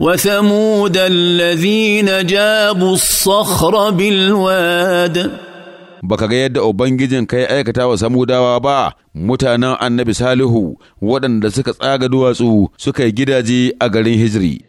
وثمود الذين جابوا الصخر بالواد baka ga yadda ubangijin kai aikata wa samudawa ba mutanen annabi salihu waɗanda suka tsaga duwatsu suka yi gidaje a garin hijri